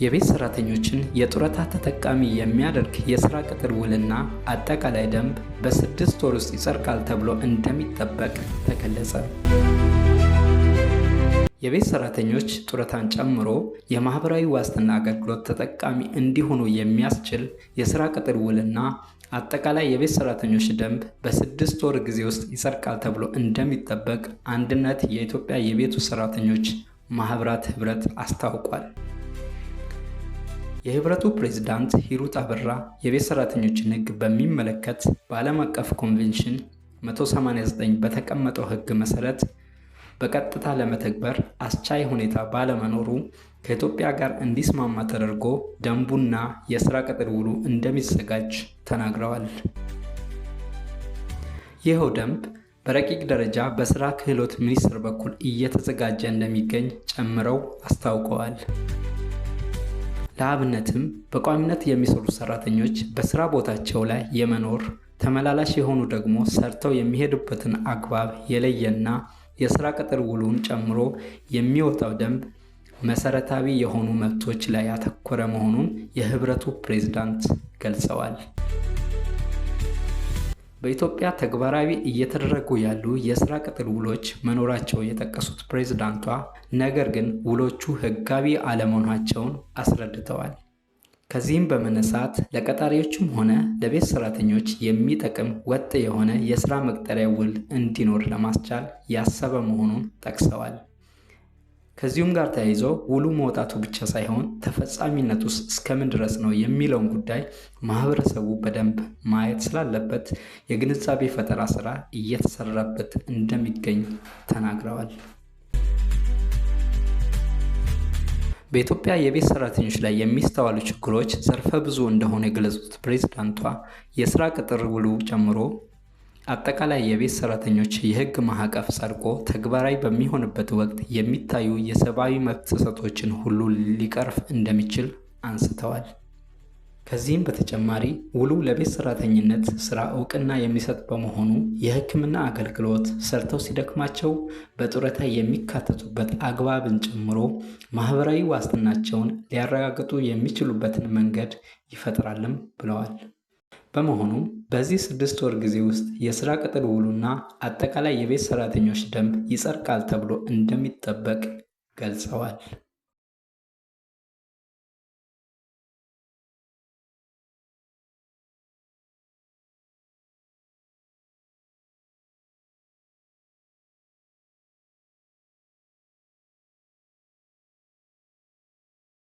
የቤት ሰራተኞችን የጡረታ ተጠቃሚ የሚያደርግ የስራ ቅጥር ውልና አጠቃላይ ደንብ በስድስት ወር ውስጥ ይጸድቃል ተብሎ እንደሚጠበቅ ተገለጸ። የቤት ሰራተኞች ጡረታን ጨምሮ የማህበራዊ ዋስትና አገልግሎት ተጠቃሚ እንዲሆኑ የሚያስችል የስራ ቅጥር ውልና አጠቃላይ የቤት ሰራተኞች ደንብ በስድስት ወር ጊዜ ውስጥ ይጸድቃል ተብሎ እንደሚጠበቅ አንድነት የኢትዮጵያ የቤቱ ሰራተኞች ማህበራት ህብረት አስታውቋል። የህብረቱ ፕሬዝዳንት ሂሩት አበራ የቤት ሰራተኞችን ህግ በሚመለከት በዓለም አቀፍ ኮንቬንሽን 189 በተቀመጠው ህግ መሰረት በቀጥታ ለመተግበር አስቻይ ሁኔታ ባለመኖሩ ከኢትዮጵያ ጋር እንዲስማማ ተደርጎ ደንቡና የስራ ቅጥር ውሉ እንደሚዘጋጅ ተናግረዋል። ይኸው ደንብ በረቂቅ ደረጃ በስራ ክህሎት ሚኒስቴር በኩል እየተዘጋጀ እንደሚገኝ ጨምረው አስታውቀዋል። ለአብነትም በቋሚነት የሚሰሩ ሰራተኞች በስራ ቦታቸው ላይ የመኖር ተመላላሽ የሆኑ ደግሞ ሰርተው የሚሄዱበትን አግባብ የለየና የስራ ቅጥር ውሉን ጨምሮ የሚወጣው ደንብ መሰረታዊ የሆኑ መብቶች ላይ ያተኮረ መሆኑን የህብረቱ ፕሬዝዳንት ገልጸዋል። በኢትዮጵያ ተግባራዊ እየተደረጉ ያሉ የስራ ቅጥር ውሎች መኖራቸውን የጠቀሱት ፕሬዝዳንቷ ነገር ግን ውሎቹ ህጋዊ አለመሆናቸውን አስረድተዋል። ከዚህም በመነሳት ለቀጣሪዎችም ሆነ ለቤት ሰራተኞች የሚጠቅም ወጥ የሆነ የስራ መቅጠሪያ ውል እንዲኖር ለማስቻል ያሰበ መሆኑን ጠቅሰዋል። ከዚሁም ጋር ተያይዞ ውሉ መውጣቱ ብቻ ሳይሆን ተፈጻሚነቱ ውስጥ እስከምን ድረስ ነው የሚለውን ጉዳይ ማህበረሰቡ በደንብ ማየት ስላለበት የግንዛቤ ፈጠራ ስራ እየተሰራበት እንደሚገኝ ተናግረዋል። በኢትዮጵያ የቤት ሰራተኞች ላይ የሚስተዋሉ ችግሮች ዘርፈ ብዙ እንደሆነ የገለጹት ፕሬዚዳንቷ የስራ ቅጥር ውሉ ጨምሮ አጠቃላይ የቤት ሰራተኞች የህግ ማዕቀፍ ጸድቆ ተግባራዊ በሚሆንበት ወቅት የሚታዩ የሰብአዊ መብት ጥሰቶችን ሁሉ ሊቀርፍ እንደሚችል አንስተዋል። ከዚህም በተጨማሪ ውሉ ለቤት ሰራተኝነት ስራ እውቅና የሚሰጥ በመሆኑ የህክምና አገልግሎት ሰርተው ሲደክማቸው በጡረታ የሚካተቱበት አግባብን ጨምሮ ማህበራዊ ዋስትናቸውን ሊያረጋግጡ የሚችሉበትን መንገድ ይፈጥራልም ብለዋል። በመሆኑም በዚህ ስድስት ወር ጊዜ ውስጥ የስራ ቅጥር ውሉና አጠቃላይ የቤት ሰራተኞች ደንብ ይጸድቃል ተብሎ እንደሚጠበቅ ገልጸዋል።